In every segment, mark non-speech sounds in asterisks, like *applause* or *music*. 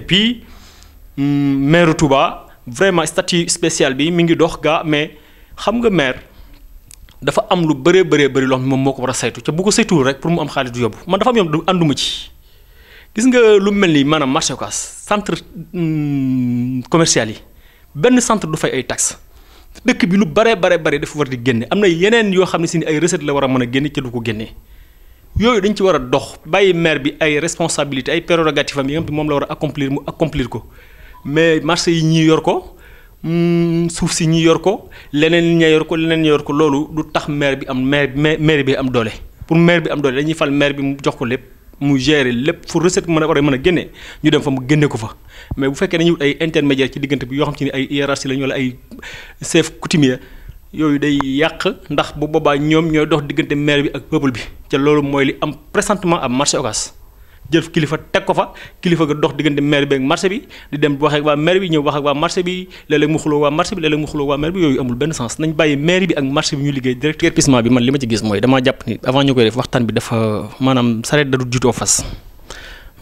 et puis maire Touba vraiment statut spécial bi mi ngi dox gaa mais xam nga maire dafa am lu bëree bëree bari loo moom moo ko war a saytu te bu ko saytuwul rek pour mu am xaalis du yóbbu man dafa am yoon du ànduma ci gis nga lu mel ni maanaam marché Ocass centre commercial yi benn centre du fay ay taxes dëkk bi lu bare bare bare dafa war di génne am na yeneen yoo xam ne si ay recette la war a mën a génne ca du ko génne yooyu dañ ci war a dox bàyyi maire bi ay responsabilité ay prérogatives am yi nga moom la war a accomplir mu accomplir ko mais marché yi ñii yor ko hmm, suuf si ñii yor ko leneen ñi yor ko leneen ña yor ko loolu du tax maire bi am maire maire bi am doole pour maire bi am doole dañuy fal maire bi mu jox ko lépp mu gérer lépp fu recette mën a war a mën a génne ñu dem fa mu génne ko fa mais bu fekkee dañuy ay intermédiaire ci diggante bi yoo xam ci ne ay hiérarchie lañu wala ay chef coutumier yooyu day yàq ndax bu boobaa ñoom ñooy dox diggante maire bi ak peuple bi ca loolu mooy li am présentement am marché Ocass jël kilifa teg ko fa kilifa ga dox diggante maire bi ak marché bi di dem wax ak waa maire bi ñëw wax ak waa marché bi léeg-léeg mu yooyu amul benn sens nañ bàyyi maire bi ak marché bi ñu liggéey direct épuisement bi man li ma ci gis mooy damaa jàpp ni avant ñu koy def waxtaan bi dafa manaam sareet da du jutoo fas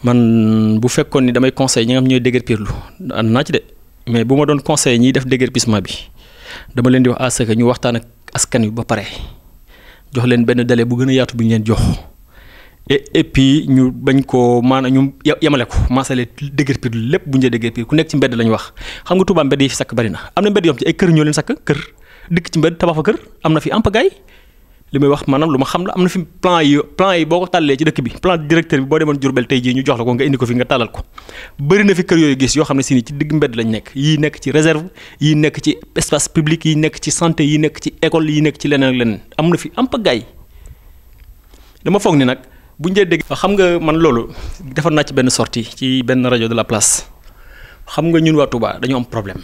man bu fekkoon ni damay conseil ñi nga xam ñooy déguerpirlu ànd naa ci de mais bu ma doon conseil ñiy def déguerpissement bi dama leen di wax à ce ñu waxtaan ak askan wi ba pare jox leen benn délai bu gën a yaatu bu ñu leen jox et ñu bañ koo maanaam ñu yemale ko maasale déguerpir lépp bu ñu see déguerpir ku nekk ci mbedd lañu wax xam nga Touba mbedd yi fi sakk bari na am na mbedd yoo xam ci ay kër ñoo leen sakk kër dikk ci mbedd tabax fa kër am na fi en pagaille li may wax maanaam lu ma xam la am na fi plan yi plan yi boo ko tàllee ci dëkk bi plan directeur bi boo demoon Jurbel tey jii ñu jox la ko nga indi ko fi nga tàllal ko bëri na fi kër yooyu gis yoo xam ne si ni ci digg mbedd lañ nekk yii nekk ci réserve yii nekk ci espace public yii nekk ci santé yi nekk ci école yii nekk ci leneen ak leneen am na fi am pagaay dama foog ni nag buñ dee dégg xam nga man loolu defoon naa ci benn sorti ci benn rajo de la place xam nga ñun waa Touba dañoo problème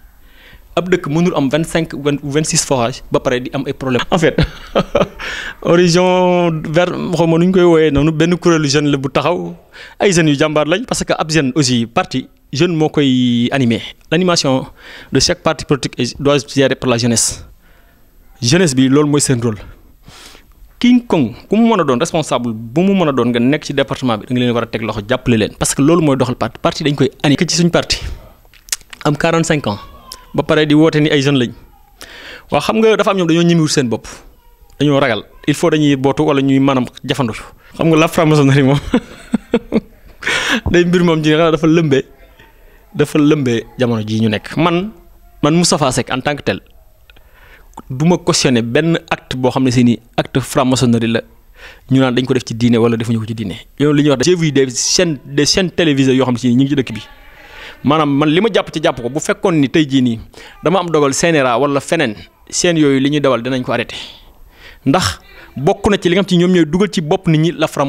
ab dëkk mënul am vingt cinq ou vingt six forages ba pare di am ay problème en fait *laughs* horizon vers xaw ma nu ñu koy wooyee noonu benn kuréelu jeune la bu taxaw ay jeunes yu jàmbaar lañ parce que ab jeune aussi parti jeune moo koy animé l'animation de chaque parti politique doit être gérée par la jeunesse jeunesse bi loolu mooy seen rôle. King Kong ku mu mën a doon responsable bu mu mën a doon nga nekk ci département bi da nga leen war a teg loxo jàppale leen parce que loolu mooy doxal parti parti dañ koy animé. ci suñ parti am 45 ans. ba pare di woote ni ay jeunes lañ waaw xam nga dafa am ñoom dañoo ñimiwul seen bopp dañoo ragal il faut dañuy bootu wala ñuy maanaam jafandu xam nga la franc-maçonnerie moom *laughs* day mbir moom ci dafa lëmbee dafa lëmbe jamono jii ñu nekk man man Moustapha Seck en tant que tel du ma cautionner benn acte boo xam ne si ni acte franc-maçonnerie la ñu naan dañ ko def ci diine wala defuñu ko ci diine yow li wax. j'ai vu des yoo xam ne si ñu ngi dëkk bi. maanaam man li ma jàpp ci jàpp ko bu fekkoon ni tey jii nii dama am dogal CNRA wala feneen seen yooyu li ñuy dawal dinañ ko arrêté ndax bokk na ci li nga xam ci ñoom ñooy dugal ci bopp nit ñi la fra